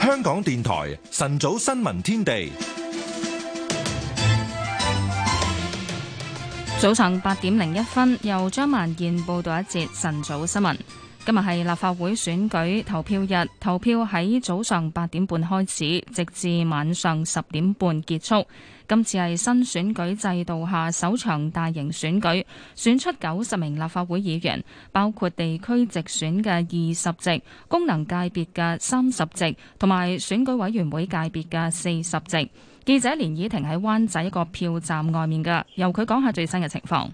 香港電台晨早新聞天地，早上八點零一分，由張萬燕報道一節晨早新聞。今日係立法會選舉投票日，投票喺早上八點半開始，直至晚上十點半結束。今次係新選舉制度下首場大型選舉，選出九十名立法會議員，包括地區直選嘅二十席、功能界別嘅三十席，同埋選舉委員會界別嘅四十席。記者連以亭喺灣仔一個票站外面㗎，由佢講下最新嘅情況。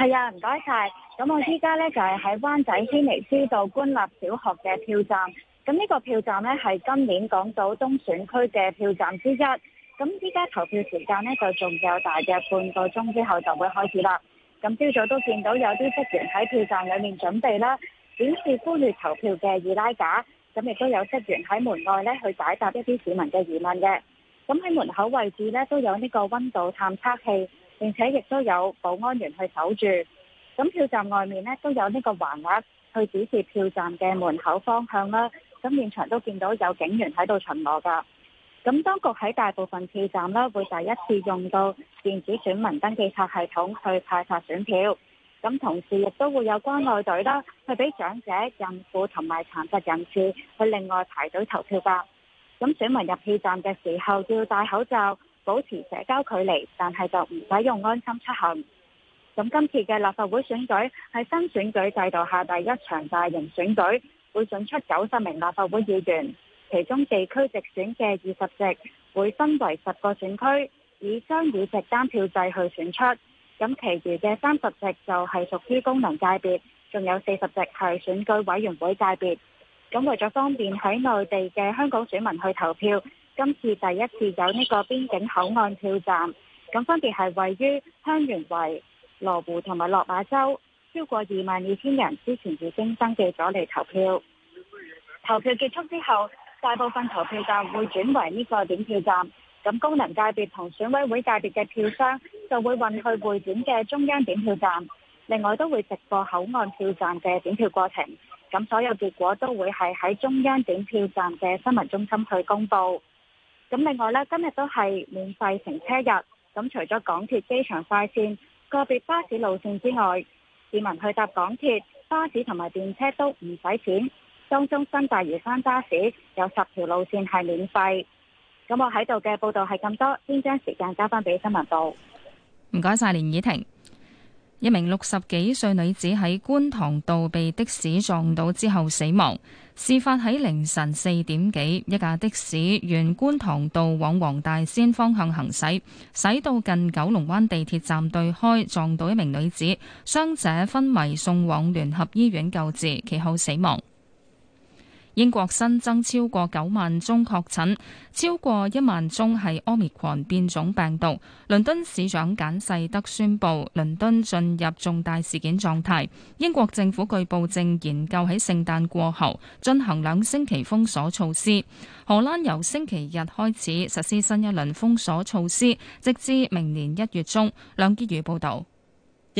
係啊，唔該晒。咁我依家咧就係喺灣仔軒尼詩道官立小學嘅票站。咁呢個票站咧係今年港島東選區嘅票站之一。咁依家投票時間咧就仲有大約半個鐘之後就會開始啦。咁朝早都見到有啲職員喺票站裡面準備啦，展示呼籲投票嘅易拉架。咁亦都有職員喺門外咧去解答一啲市民嘅疑問嘅。咁喺門口位置咧都有呢個溫度探測器。並且亦都有保安員去守住，咁票站外面呢，都有呢個橫額去指示票站嘅門口方向啦。咁現場都見到有警員喺度巡邏㗎。咁當局喺大部分票站啦，會第一次用到電子選民登記冊系統去派發選票，咁同時亦都會有關愛隊啦，去俾長者、孕婦同埋殘疾人士去另外排隊投票㗎。咁選民入票站嘅時候要戴口罩。保持社交距離，但係就唔使用用安心出行。咁今次嘅立法會選舉係新選舉制度下第一場大型選舉，會選出九十名立法會議員，其中地區直選嘅二十席會分為十個選區，以雙議席單票制去選出。咁其餘嘅三十席就係屬於功能界別，仲有四十席係選舉委員會界別。咁為咗方便喺內地嘅香港選民去投票。今次第一次有呢個邊境口岸票站，咁分別係位於香園圍、羅湖同埋落馬洲，超過二萬二千人之前已經登記咗嚟投票。投票結束之後，大部分投票站會轉為呢個點票站，咁功能界別同選委會界別嘅票箱就會運去會展嘅中央點票站。另外都會直播口岸票站嘅點票過程，咁所有結果都會係喺中央點票站嘅新聞中心去公佈。咁另外咧，今日都係免費乘車日，咁除咗港鐵機場快線個別巴士路線之外，市民去搭港鐵巴士同埋電車都唔使錢，當中新大嶼山巴士有十條路線係免費，咁我喺度嘅報道係咁多，先將時間交翻俾新聞部。唔該晒連以婷。一名六十幾歲女子喺觀塘道被的士撞到之後死亡。事發喺凌晨四點幾，一架的士沿觀塘道往黃大仙方向行駛，駛到近九龍灣地鐵站對開，撞到一名女子，傷者昏迷送往聯合醫院救治，其後死亡。英國新增超過九萬宗確診，超過一萬宗係 Omicron 變種病毒。倫敦市長簡世德宣布，倫敦進入重大事件狀態。英國政府據報正研究喺聖誕過後進行兩星期封鎖措施。荷蘭由星期日開始實施新一輪封鎖措施，直至明年一月中。梁潔如報道。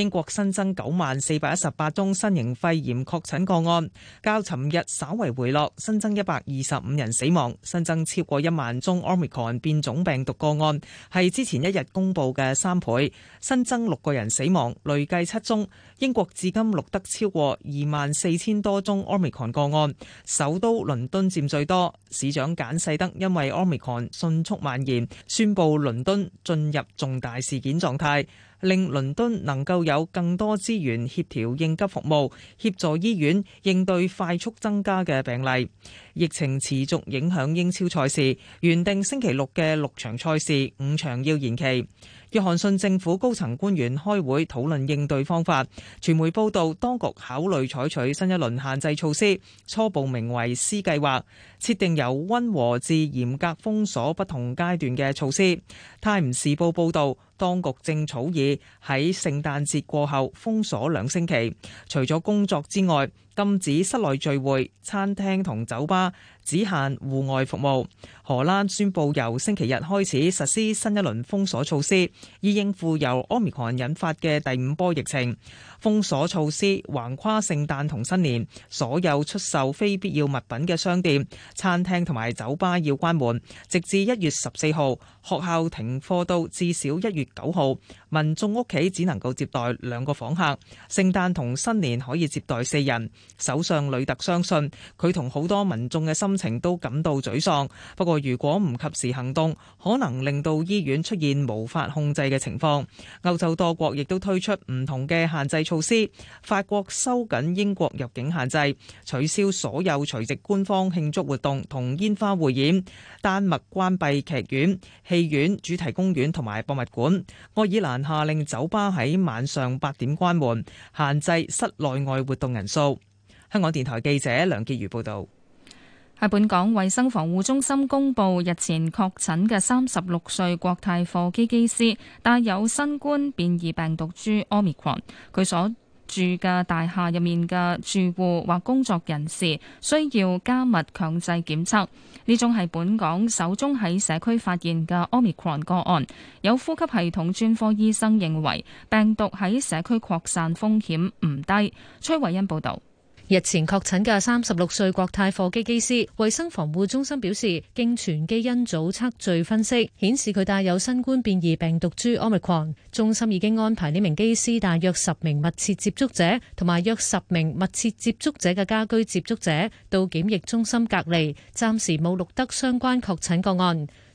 英國新增九萬四百一十八宗新型肺炎確診個案，較尋日稍為回落，新增一百二十五人死亡，新增超過一萬宗 Omicron 變種病毒個案，係之前一日公布嘅三倍，新增六個人死亡，累計七宗。英國至今錄得超過二萬四千多宗 Omicron 個案，首都倫敦佔最多。市長簡世德因為 Omicron 迅速蔓延，宣布倫敦進入重大事件狀態，令倫敦能夠有更多資源協調應急服務，協助醫院應對快速增加嘅病例。疫情持續影響英超賽事，原定星期六嘅六場賽事，五場要延期。約翰遜政府高層官員開會討論應對方法，傳媒報道當局考慮採取新一輪限制措施，初步名為 C 計劃，設定由溫和至嚴格封鎖不同階段嘅措施。泰晤士報報道，當局正草擬喺聖誕節過後封鎖兩星期，除咗工作之外，禁止室內聚會，餐廳同酒吧只限戶外服務。荷蘭宣布由星期日開始實施新一輪封鎖措施，以應付由 Omicron 引發嘅第五波疫情。封鎖措施橫跨聖誕同新年，所有出售非必要物品嘅商店、餐廳同埋酒吧要關門，直至一月十四號。學校停課到至少一月九號。民眾屋企只能夠接待兩個訪客，聖誕同新年可以接待四人。首相呂特相信佢同好多民眾嘅心情都感到沮喪。不過如果唔及時行動，可能令到醫院出現無法控制嘅情況。歐洲多國亦都推出唔同嘅限制措施。法國收緊英國入境限制，取消所有除夕官方慶祝活動同煙花匯演，丹麥關閉劇院、戲院、主題公園同埋博物館。愛爾蘭下令酒吧喺晚上八點關門，限制室內外活動人數。香港電台記者梁潔如報道，喺本港衛生防護中心公布日前確診嘅三十六歲國泰貨機機師帶有新冠變異病毒株 omicron 佢所。住嘅大廈入面嘅住戶或工作人士需要加密強制檢測。呢宗係本港首宗喺社區發現嘅 Omicron 個案。有呼吸系統專科醫生認為，病毒喺社區擴散風險唔低。崔偉恩報道。日前確診嘅三十六歲國泰貨機機師，衛生防護中心表示，經全基因組測序分析，顯示佢帶有新冠變異病毒株 Omicron。中心已經安排呢名機師、大約十名密切接觸者同埋約十名密切接觸者嘅家居接觸者到檢疫中心隔離，暫時冇錄得相關確診個案。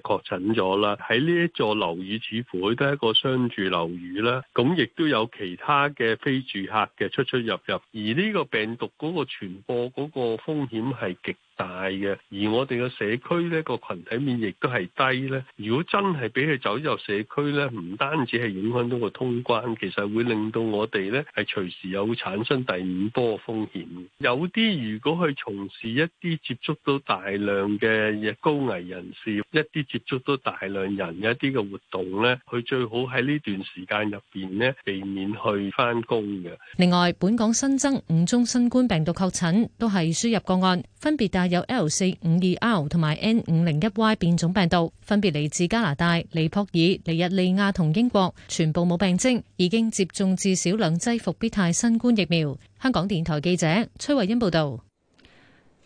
確診咗啦，喺呢一座樓宇，似乎佢都係一個商住樓宇啦。咁亦都有其他嘅非住客嘅出出入入，而呢個病毒嗰個傳播嗰個風險係極大嘅。而我哋嘅社區呢個群體免疫都係低呢。如果真係俾佢走入社區呢，唔單止係影響到個通關，其實會令到我哋呢係隨時有產生第五波風險。有啲如果去從事一啲接觸到大量嘅高危人士一接觸到大量人嘅一啲嘅活動呢，佢最好喺呢段時間入邊呢，避免去返工嘅。另外，本港新增五宗新冠病毒確診，都係輸入個案，分別帶有 L 四五二 R 同埋 N 五零一 Y 變種病毒，分別嚟自加拿大、尼泊爾、尼日利亞同英國，全部冇病徵，已經接種至少兩劑復必泰新冠疫苗。香港電台記者崔慧欣報道。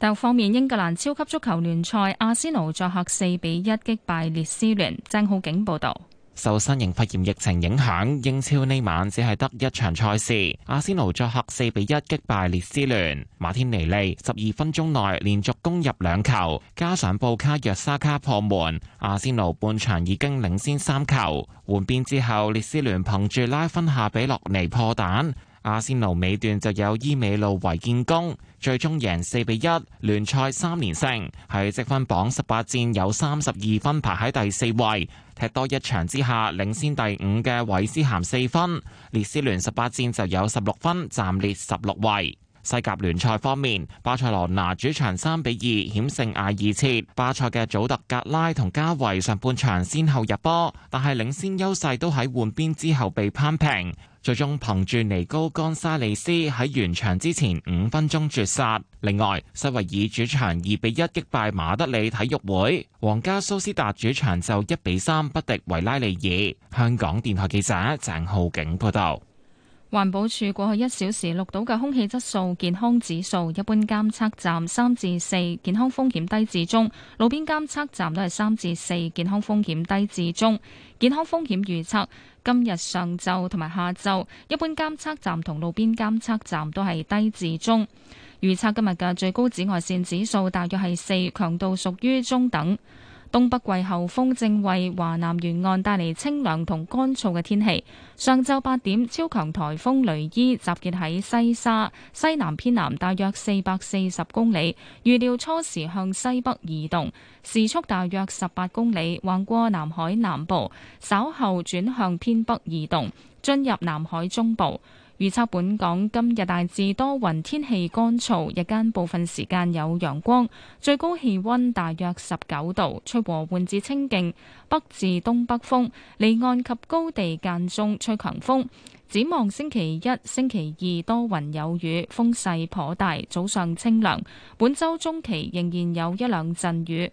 大方面，英格蘭超級足球聯賽，阿仙奴作客四比一擊敗列斯聯。張浩景報道。受新型肺炎疫情影響，英超呢晚只係得一場賽事。阿仙奴作客四比一擊敗列斯聯，馬天尼利十二分鐘內連續攻入兩球，加上布卡約沙卡破門，阿仙奴半場已經領先三球。換邊之後，列斯聯憑住拉分夏比洛尼破蛋。阿仙奴尾段就有伊美路維建功，最終贏四比一，聯賽三連勝，喺積分榜十八戰有三十二分排喺第四位，踢多一場之下領先第五嘅韋斯咸四分。列斯聯十八戰就有十六分，暫列十六位。西甲聯賽方面，巴塞羅那主場三比二險勝阿爾切。巴塞嘅祖特格拉同加維上半場先後入波，但係領先優勢都喺換邊之後被扳平。最終憑住尼高干沙利斯喺完場之前五分鐘絕殺。另外，西維爾主場二比一擊敗馬德里體育會，皇家蘇斯達主場就一比三不敵維拉利爾。香港電台記者鄭浩景報道。環保署過去一小時錄到嘅空氣質素健康指數，一般監測站三至四，健康風險低至中；路邊監測站都係三至四，健康風險低至中。健康風險預測今日上晝同埋下晝，一般監測站同路邊監測站都係低至中。預測今日嘅最高紫外線指數大約係四，強度屬於中等。東北季候風正為華南沿岸帶嚟清涼同乾燥嘅天氣。上晝八點，超強颱風雷伊集結喺西沙，西南偏南大約四百四十公里，預料初時向西北移動，時速大約十八公里，橫過南海南部，稍後轉向偏北移動，進入南海中部。預測本港今日大致多雲，天氣乾燥，日間部分時間有陽光，最高氣溫大約十九度，吹和緩至清勁，北至東北風，離岸及高地間中吹強風。展望星期一、星期二多雲有雨，風勢頗大，早上清涼。本周中期仍然有一兩陣雨。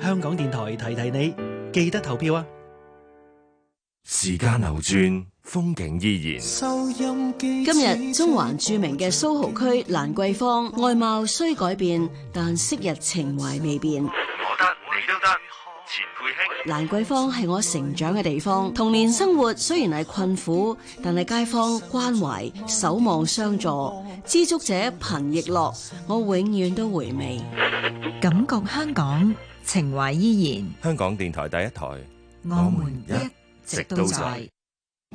香港電台提提你，記得投票啊！時間流轉，風景依然。今日中環著名嘅蘇豪區蘭桂坊，外貌雖改變，但昔日情懷未變。我得你都得。錢佩卿，蘭桂坊係我成長嘅地方，童年生活雖然係困苦，但係街坊關懷、守望相助，知足者貧亦樂，我永遠都回味。感覺香港。情懷依然，香港電台第一台，我們，我們一直，一直都在。都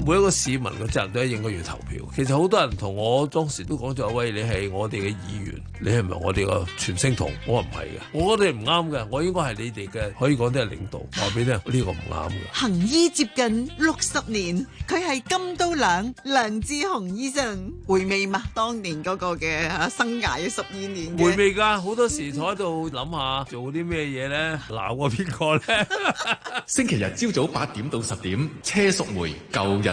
每一個市民嘅責任都係應該要投票。其實好多人同我當時都講咗：喂，你係我哋嘅議員，你係唔係我哋嘅傳聲筒？我唔係嘅，我哋唔啱嘅，我應該係你哋嘅，可以講啲係領導。話俾你聽，呢個唔啱嘅。行醫接近六十年，佢係金刀梁梁志雄醫生，回味嘛當年嗰個嘅生涯嘅十二年。回味噶，好多時坐喺度諗下做啲咩嘢咧，鬧過邊個咧？ 星期日朝早八點到十點，車淑梅舊日。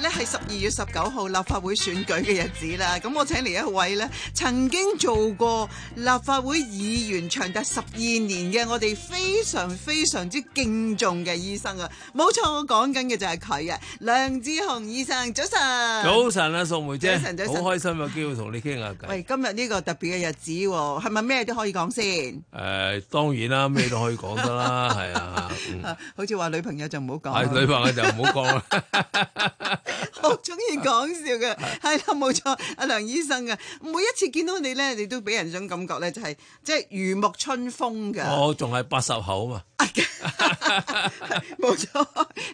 咧係十二月十九號立法會選舉嘅日子啦，咁我請嚟一位咧，曾經做過立法會議員長達十二年嘅，我哋非常非常之敬重嘅醫生啊，冇錯，我講緊嘅就係佢啊，梁志雄醫生，早晨，早晨啊，宋梅姐，早晨，早晨，好開心有機會同你傾下偈。喂，今日呢個特別嘅日子，係咪咩都可以講先？誒、呃，當然啦，咩都可以講得啦，係 啊，嗯、好似話女朋友就唔好講，係 女朋友就唔好講。 我中意講笑嘅，係啦，冇錯，阿梁醫生嘅、啊、每一次見到你咧，你都俾人種感覺咧、就係，就係即係如沐春風㗎。我仲係八十口嘛，冇錯，誒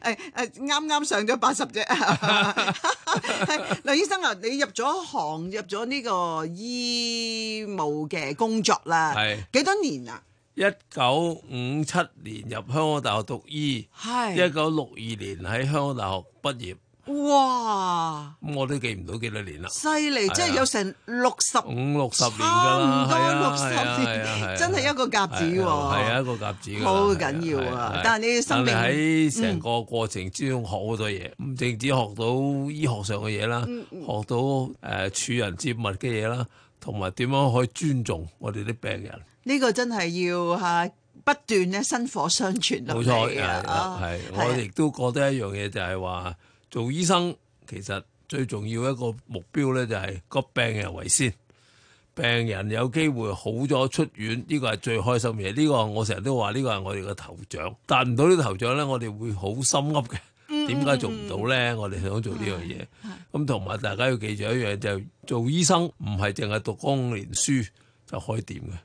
誒啱啱上咗八十啫。 梁醫生啊，你入咗行，入咗呢個醫務嘅工作啦，係幾是多年啊？一九五七年入香港大學讀醫，係一九六二年喺香港大學畢業。哇！咁我都記唔到幾多年啦，犀利，即係有成六十、五六十差唔多六十年，真係一個甲子喎。係一個甲子，好緊要啊！但係你生命喺成個過程之中學好多嘢，唔淨止學到醫學上嘅嘢啦，學到誒處人接物嘅嘢啦，同埋點樣可以尊重我哋啲病人。呢個真係要吓不斷咧薪火相傳咯。冇錯，係我亦都覺得一樣嘢就係話。做醫生其實最重要一個目標呢，就係個病人為先。病人有機會好咗出院，呢、這個係最開心嘅。呢、這個我成日都話，呢個係我哋嘅頭獎。達唔到呢個頭獎呢，我哋、這個、會好心噏嘅。點解做唔到呢？我哋想做呢樣嘢。咁同埋大家要記住一樣就係、做醫生，唔係淨係讀光年書就掂嘅。